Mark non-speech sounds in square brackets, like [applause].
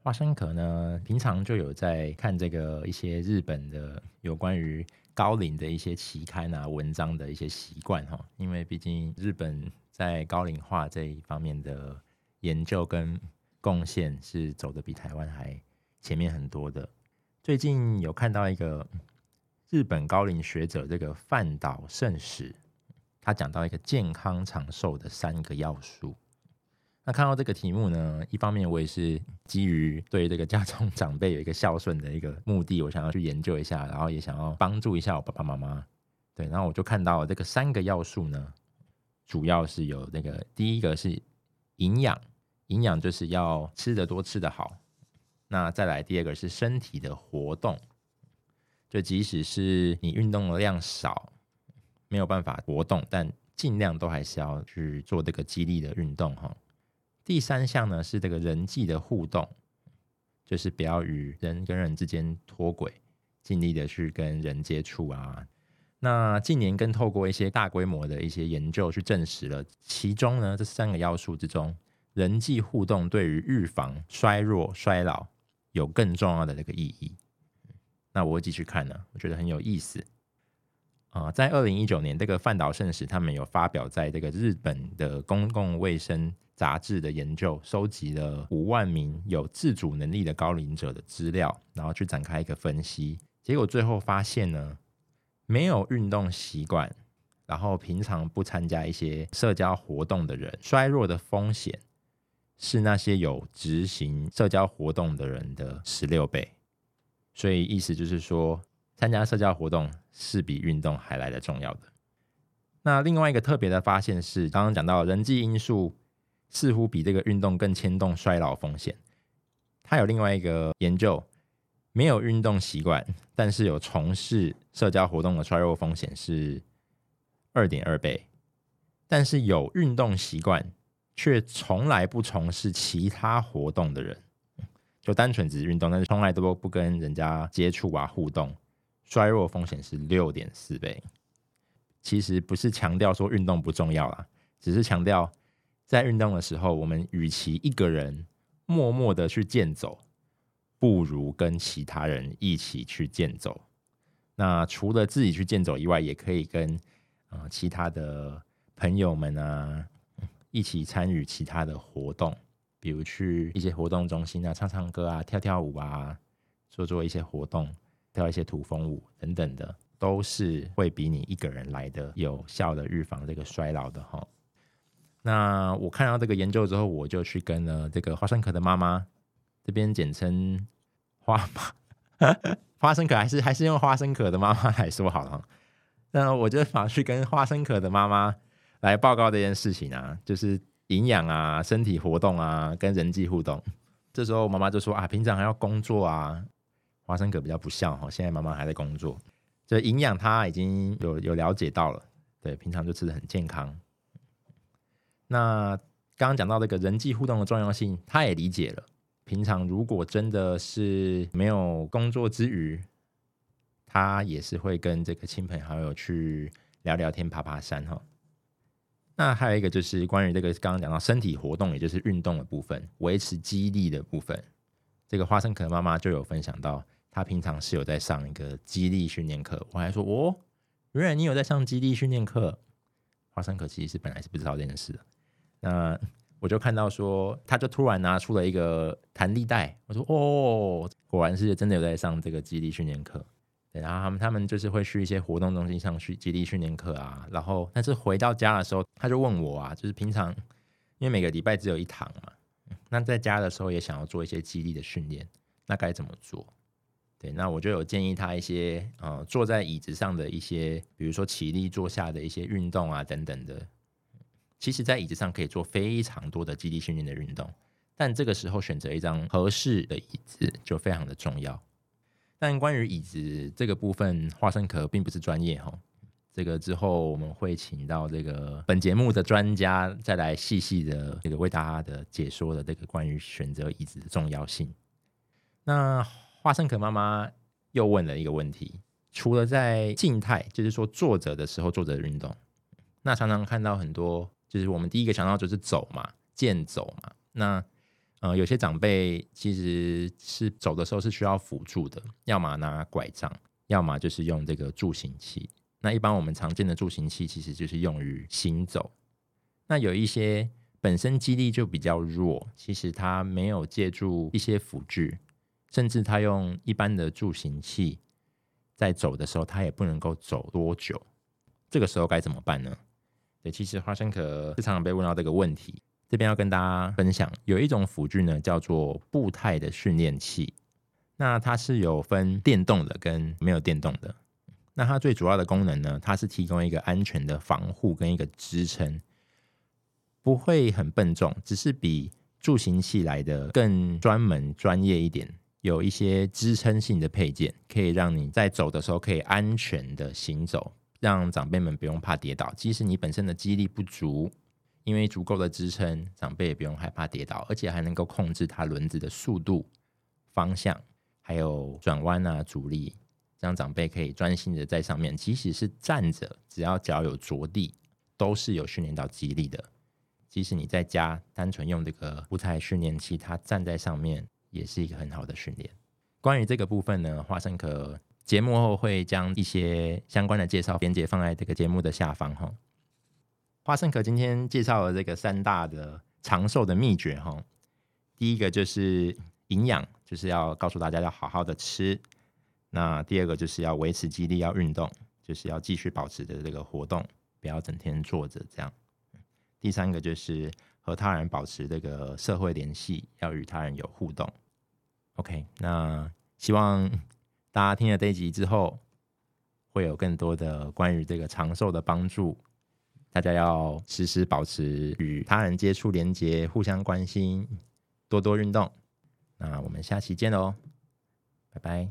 花生殼呢，平常就有在看這個一些日本的有關於高齡的一些期刊啊、文章的一些習慣哈，因為畢竟日本在高齡化這一方面的研究跟貢獻是走得比台灣還前面很多的。最近有看到一個日本高齡學者這個飯島勝矢，他講到一個健康長壽的三個要素。那看到這個題目呢，一方面我也是基於對這個家中長輩有一個孝順的一個目的，我想要去研究一下，然後也想要幫助一下我爸爸媽媽。對，然後我就看到這個三個要素呢，主要是有那、這個第一個是營養，營養就是要吃得多，吃得好。那再來第二個是身體的活動，就即使是你運動的量少，沒有辦法活動，但儘量都還是要去做這個肌力的運動哈。第三項呢是這個人際的互動，就是不要與人跟人之間脫軌，盡力的去跟人接觸啊。那近年更透過一些大規模的一些研究去證實了，其中呢這三個要素之中，人際互動對於預防衰弱衰老有更重要的那個意義。那我會繼續看呢、啊，我覺得很有意思。啊，在二零一九年，這個飯島勝史他們有發表在這個日本的公共衛生雜誌的研究，收集了五萬名有自主能力的高齡者的資料，然後去展開一個分析，結果最後發現呢，沒有運動習慣，然後平常不參加一些社交活動的人，衰弱的風險是那些有執行社交活動的人的十六倍，所以意思就是說。參加社交活動是比運動還來得重要的。那另外一個特別的發現是，剛剛講到人際因素似乎比這個運動更牽動衰老風險。他有另外一個研究，沒有運動習慣，但是有從事社交活動的衰弱風險是二點二倍。但是有運動習慣，卻從來不從事其他活動的人，就單純只是運動，但是從來都不跟人家接觸啊互動。衰弱風險是六點四倍。其實不是強調說運動不重要啦，只是強調在運動的時候，我們與其一個人默默的去健走，不如跟其他人一起去健走。那除了自己去健走以外，也可以跟呃其他的朋友們啊一起參與其他的活動，比如去一些活動中心啊，唱唱歌啊、跳跳舞啊，做做一些活動。跳一些土風舞等等的，都是會比你一個人來的有效的預防這個衰老的哈。那我看到這個研究之後，我就去跟了這個花生殼的媽媽，這邊簡稱花媽。 [laughs] 花生殼還是還是用花生殼的媽媽來說好了。那我就跑去跟花生殼的媽媽來報告這件事情啊，就是營養啊、身體活動啊、跟人際互動。這時候我媽媽就說啊，平常還要工作啊。花生殼比較不孝哈，現在媽媽還在工作，這營養他已經有有了解到了，對，平常就吃得很健康。那剛剛講到這個人際互動的重要性，他也理解了。平常如果真的是沒有工作之餘，他也是會跟這個親朋好友去聊聊天、爬爬山哈。那還有一個就是關於這個剛剛講到身體活動，也就是運動的部分，維持肌力的部分，這個花生殼媽媽就有分享到。他平常是有在上一個肌力訓練課，我還說哦，原來你有在上肌力訓練課。華山可其實是本來是不知道這件事的，那我就看到說，他就突然拿出了一個彈力帶，我說哦，果然是真的有在上這個肌力訓練課。然後他們他們就是會去一些活動中心上去肌力訓練課啊，然後但是回到家的時候，他就問我啊，就是平常因為每個禮拜只有一堂嘛，那在家的時候也想要做一些肌力的訓練，那該怎麼做？對，那我就有建議他一些，呃，坐在椅子上的一些，比如說起立坐下的一些運動啊，等等的。其實，在椅子上可以做非常多的肌力訓練的運動，但這個時候選擇一張合適的椅子就非常的重要。但關於椅子這個部分，花生殼並不是專業哈、哦。這個之後我們會請到這個本節目的專家再來細細的這個為大家的解說的這個關於選擇椅子的重要性。那。花生可媽媽又問了一個問題：除了在靜態，就是說坐着的時候坐着的運動，那常常看到很多，就是我們第一個想到就是走嘛，健走嘛。那呃，有些長輩其實是走的時候是需要輔助的，要麼拿拐杖，要麼就是用這個助行器。那一般我們常見的助行器其實就是用於行走。那有一些本身肌力就比較弱，其實他沒有借助一些輔助。甚至他用一般的助行器在走的時候，他也不能夠走多久。這個時候該怎麼辦呢？對，其實花生殼是常常被問到這個問題。這邊要跟大家分享，有一種輔具呢，叫做步態的訓練器。那它是有分電動的跟沒有電動的。那它最主要的功能呢，它是提供一個安全的防護跟一個支撐，不會很笨重，只是比助行器來的更專門、專業一點。有一些支撐性的配件，可以讓你在走的時候可以安全的行走，讓長輩們不用怕跌倒。即使你本身的肌力不足，因為足夠的支撐，長輩也不用害怕跌倒，而且還能夠控制它輪子的速度、方向，還有轉彎啊、阻力，讓長輩可以專心的在上面。即使是站着，只要腳有着地，都是有訓練到肌力的。即使你在家單純用這個步態訓練器，它站在上面，也是一個很好的訓練。關於這個部分呢，花生殼節目後會將一些相關的介紹連結，放在這個節目的下方哈。花生殼今天介紹了這個三大的長壽的秘訣哈。第一個就是營養，就是要告訴大家要好好的吃。那第二個就是要維持肌力，要運動，就是要繼續保持着這個活動，不要整天坐着這樣。第三個就是和他人保持這個社會聯繫，要與他人有互動。OK，那希望大家聽了這一集之後，會有更多的關於這個長壽的幫助。大家要時時保持與他人接觸、連接，互相關心，多多運動。那我們下期見嘍，拜拜。